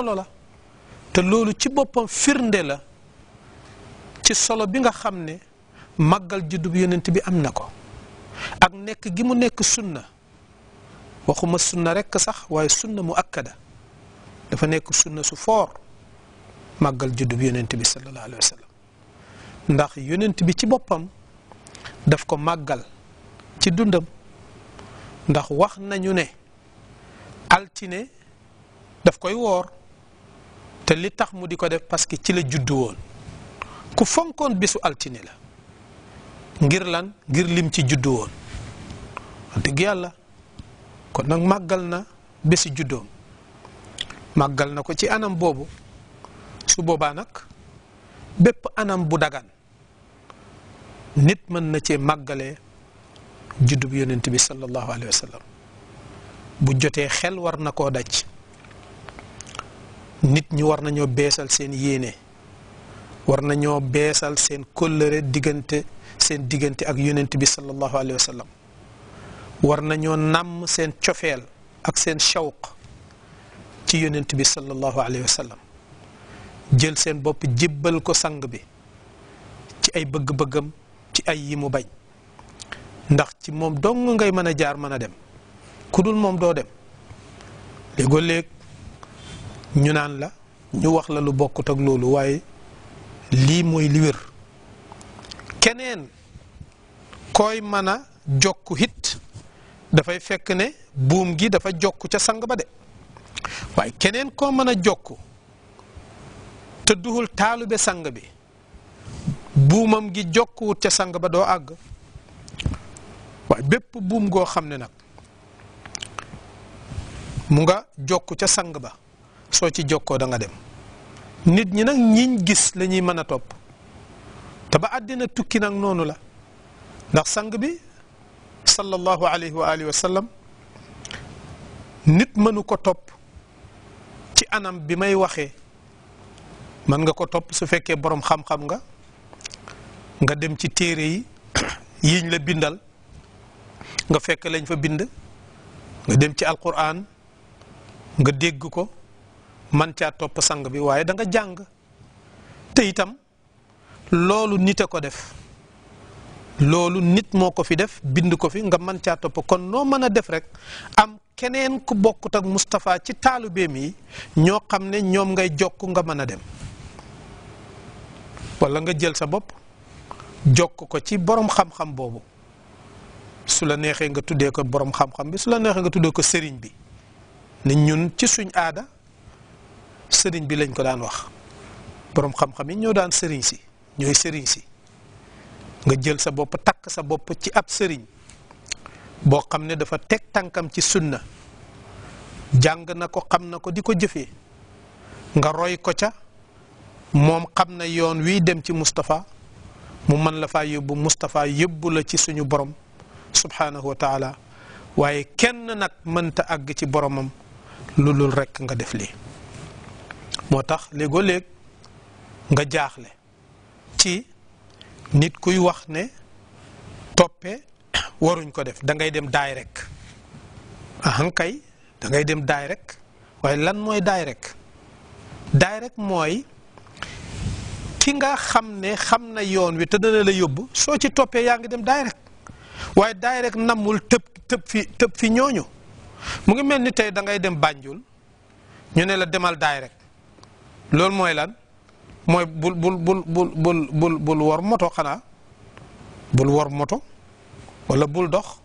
solo la te loolu ci boppam firnde la ci solo bi nga xam ne màggal juddub yonent bi am na ko ak nekk gi mu nekk sunna waxuma sunna rekk sax waaye sunna mu akkada dafa nekk sunna su foor màggal juddub yonent bi sallallahu alayhi ndax yonent bi ci boppam daf ko màggal ci dundam ndax wax nañu ne altine daf koy woor te li tax mu di def parce que ci la judd won ku fonkon bisu altine la ngir lan ngir lim ci judd woon dëgg yalla kon nak magal na magal nako ci anam bobu su boba nak bepp anam bu dagan nit man na cee màggalee juddub yonent bi sallallahu alaihi wasallam bu jotee xel war nako dacc nit ñi war nañoo beesal seen yéene war nañoo beesal seen kóllëre diggante seen diggante ak yonent bi sallallahu alayhi wa war nañoo nàmm seen cofeel ak seen shawq ci yonent bi sallallahu alayhi wa jël seen bopp jibbal ko sang bi ci ay bëgg-bëggam ci ay yi mu bañ ndax ci moom dong ngay mën a jaar mën a dem ku dul moom doo dem léegoo ñu naan la ñu wax la lu bokkut ak loolu waaye lii mooy li wér keneen kooy mën a jokku hit dafay fekk ne buum gi dafa jokk ca sang ba de waaye keneen koo mën a jokku te duhul taalube sang bi buumam gi jokkuwut ca sang ba doo àgg waaye bépp buum goo xam ne nag mu nga jokk ca sang ba soo ci jokkoo da nga dem nit ñi nag ñiiñ gis lañuy ñuy mën a topp te ba àddina tukki nag noonu la ndax sang bi sallallahu alayhi wa nit mënu ko topp ci anam bi may waxee mën nga ko topp su fekkee boroom xam-xam nga nga dem ci téere yi yiñ la bindal nga fekk lañ fa bind nga dem ci alquran nga dégg ko man caa topp sang bi waaye danga jàng te itam loolu nit a ko def loolu nit moo ko fi def bind ko fi nga man caa topp kon noo mën a def rek am keneen ku bokkut ak Moustapha ci taalubeem yi ñoo xam ne ñoom ngay jokk nga mën a dem wala nga jël sa bopp jokk ko ci boroom xam-xam boobu su la neexee nga tuddee ko borom xam bi su la neexee nga tuddee ko sëriñ bi ne ñun ci suñ aada sering bi lañ ko daan wax borom xam-xam yi ñoo daan serigne ci ñoy serigne ci nga jël sa bop tak sa bop ci ab serigne bo xamne dafa tek tankam ci sunna jang na ko xam na ko di ko nga roy ko ca mom xam na yoon wi dem ci mustafa mu man la fa yobbu mustafa yobbu la ci suñu borom subhanahu wa taala waaye kenn nag ta ag ci boromam lulul rek nga def li moo tax léegoo léeg nga jaaxle ci nit kuy wax ne toppe waruñ ko def dangay dem daay rek ahankay da dem daay rek waaye lan mooy daay rek daay rek mooy ki nga xam ne xam na yoon wi te dana la yóbbu soo ci toppee yaa ngi dem daay waaye daay rek namul tëb tëb fi ñooñu mu ngi mel ni tey da ngay dem Banjul ñu ne la demal daay rek loolu mooy lan mooy bul bul bul bul bul bul bul war moto xanaa bul war moto walla bul dox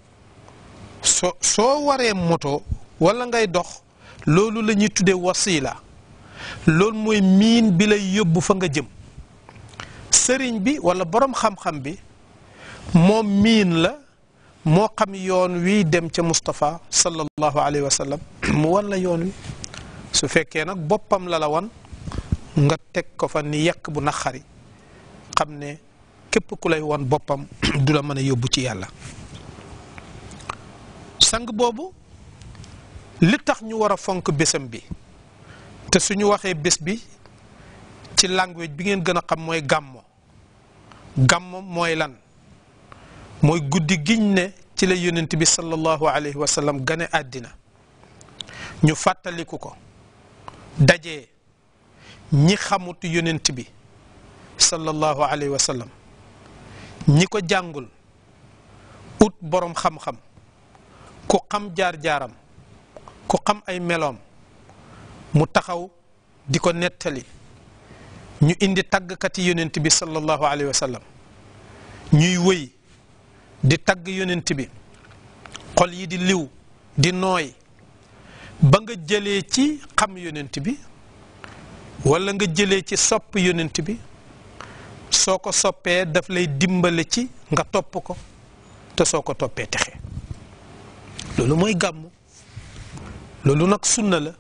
soo soo waree moto walla ngay dox loolu lañuy tuddee wasila loolu mooy miin bi lay yóbbu fa nga jëm sëriñ bi wala boroom xam-xam bi moom miin la moo xam yoon wi dem ca Moustapha sallallahu alayhi wa sallam mu wan la yoon wi su fekkee nag boppam la la wan. nga teg ko fa ni yekk bu naxari xam ne képp ku lay woon boppam du la mën a yóbbu ci yàlla sang boobu li tax ñu war a fonk bésam bi te su ñu waxee bés bi ci language bi ngeen gën a xam mooy gàmmo gàmmo mooy lan mooy guddi giñ ne ci la yonent bi sallallahu alayhi wa gane àddina ñu fàttaliku ko daje. ñi xamut yonent bi sallallahu alayhi wa ñi ko jàngul ut boroom xam-xam ku xam jaar-jaaram ku xam ay meloom mu taxaw di ko nettali ñu indi tàggkati yonent bi sallallahu alayhi wa ñuy wëy di tagg yonent bi xol yi di liw di nooy ba nga jëlee ci xam yonent bi wala nga jëlee ci sopp yonent bi soo ko soppee daf lay dimbale ci nga topp ko te soo ko toppee texe loolu mooy gàmmu loolu nag sunna la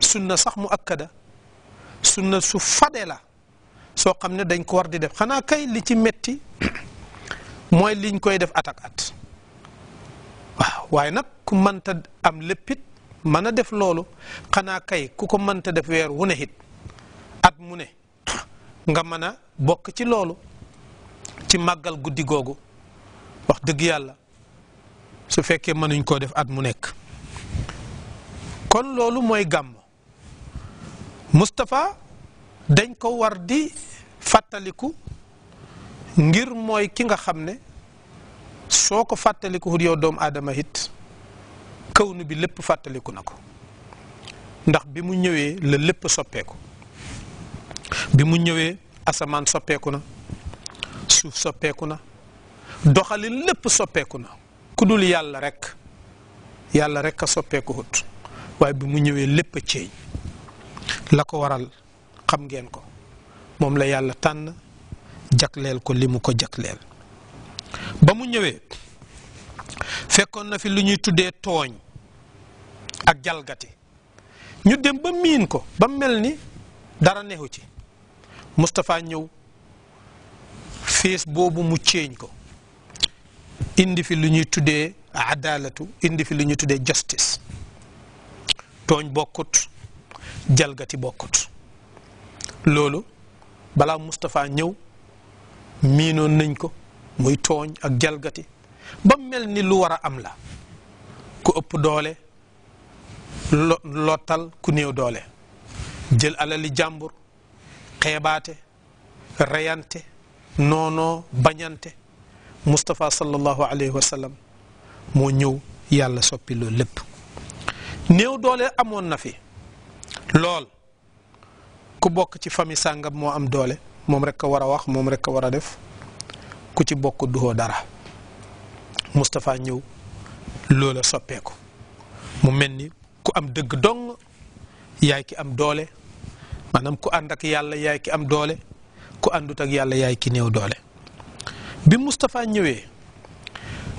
sunna sax mu akkada sunna su fade la soo xam ne dañ ko war di def xanaa kay li ci metti mooy liñ koy def at ak at waaw waaye nag ku mënta am léppit mën a def loolu xanaa kay ku ko mënta def weer wune ne it at mu ne nga mën a bokk ci loolu ci màggal guddi googu wax dëgg yàlla su fekkee mënuñ koo def at mu nekk kon loolu mooy gàmm Moustapha dañ ko war di fàttaliku ngir mooy ki nga xam ne soo ko fàttaliku yow doomu aadama it kawnu bi lépp fàttaliku na ko ndax bi mu ñëwee la lépp soppeeku bi mu ñëwee asamaan soppeeku na suuf soppeeku na doxalin lépp soppeeku na ku dul yàlla rekk yàlla rekk a soppeeku hut waaye bi mu ñëwee lépp a ceeñ la ko waral xam ngeen ko moom la yàlla tànn jagleel ko li mu ko jagleel ba mu ñëwee fekkoon na fi lu ñuy tuddee tooñ ak jalgati ñu dem ba miin ko ba mel ni dara nexu ci Moustapha ñëw fees boobu mu ceeñ ko indi fi lu ñuy tuddee adalatu indi fi lu ñuy tuddee justice tooñ bokkut jalgati bokkut loolu balaa Moustapha ñëw miinoon nañ ko muy tooñ ak jalgati ba mel ni lu war a am la ku ëpp doole lo lottal ku néew doole jël alali jàmbur xeebaate reyante noonoo bañante Moustapha sallallahu alayhi wa moo ñëw yàlla soppi lépp néew doole amoon na fi lool ku bokk ci famille sàngam moo am doole moom rek ko war a wax moom rek a war a def ku ci bokk duhoo dara mustafaa ñëw loola soppeeku mu mel ni ku am dëgg dong yaay ki am doole maanaam ku ànd ak yàlla yaay ki am doole ku àndut ak yàlla yaay ki néew doole bi mustafaa ñëwee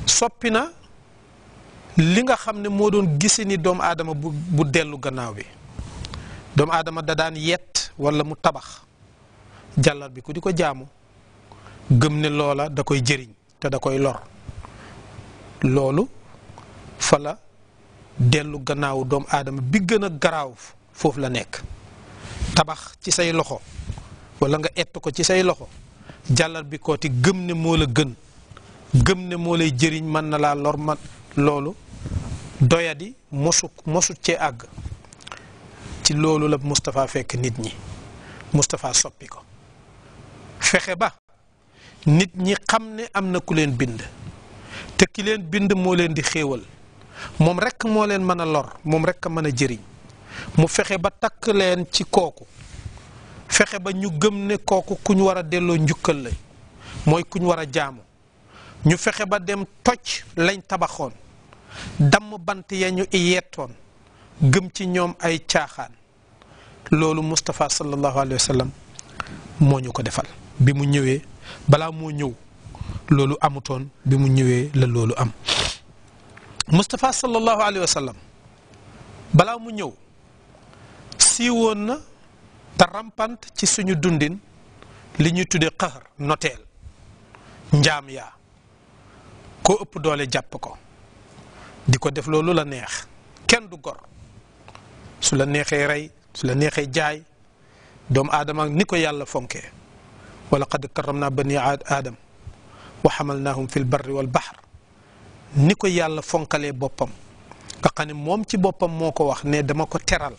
soppi na li nga xam ne moo doon gisi ni doomu aadama bu bu dellu gannaaw bi doomu aadama da daan yett wala mu tabax jàllar bi ku di ko jaamu gëm ne loola da koy jëriñ te da koy lor loolu fa la dellu gannaawu doomu aadama bi gën a garaaw foofu la nekk tabax ci say loxo wala nga ett ko ci say loxo jàllar bi kooti gëm ne moo la gën gëm ne moo lay jëriñ mën na laa lor man loolu doyadi mosuk mosut cee àgg ci loolu la Moustapha fekk nit ñi Moustapha soppi ko fexe ba nit ñi xam ne am na ku leen bind te ki leen bind moo leen di xéewal moom rekk moo leen mën a lor moom rekk a mën a jëriñ mu fexe ba takk leen ci kooku fexe ba ñu gëm ne kooku ku ñu war a delloo njukkal la mooy kuñ ñu war a jaamu ñu fexe ba dem toj lañ tabaxoon damm bant yañu ñu yettoon gëm ci ñoom ay caaxaan loolu Moustapha sallallahu alayhi wa moo ñu ko defal bi mu ñëwee balaa moo ñëw loolu amutoon bi mu ñëwee la loolu am Moustapha sallallahu alayhi wa balaa mu ñëw siiwoon na te rampant ci suñu dundin li ñuy tuddee xaxar noteel njaam yaa ko ëpp doole jàpp ko di ko def loolu la neex kenn du gor su la neexee rey su la neexee jaay doomu aadama ni ko yàlla fonke wala qad karam naa bani aadam wa xamalnaahum fil barri wal bahr ni ko yàlla fonkalee boppam nga xam ne moom ci boppam moo ko wax ne dama ko teral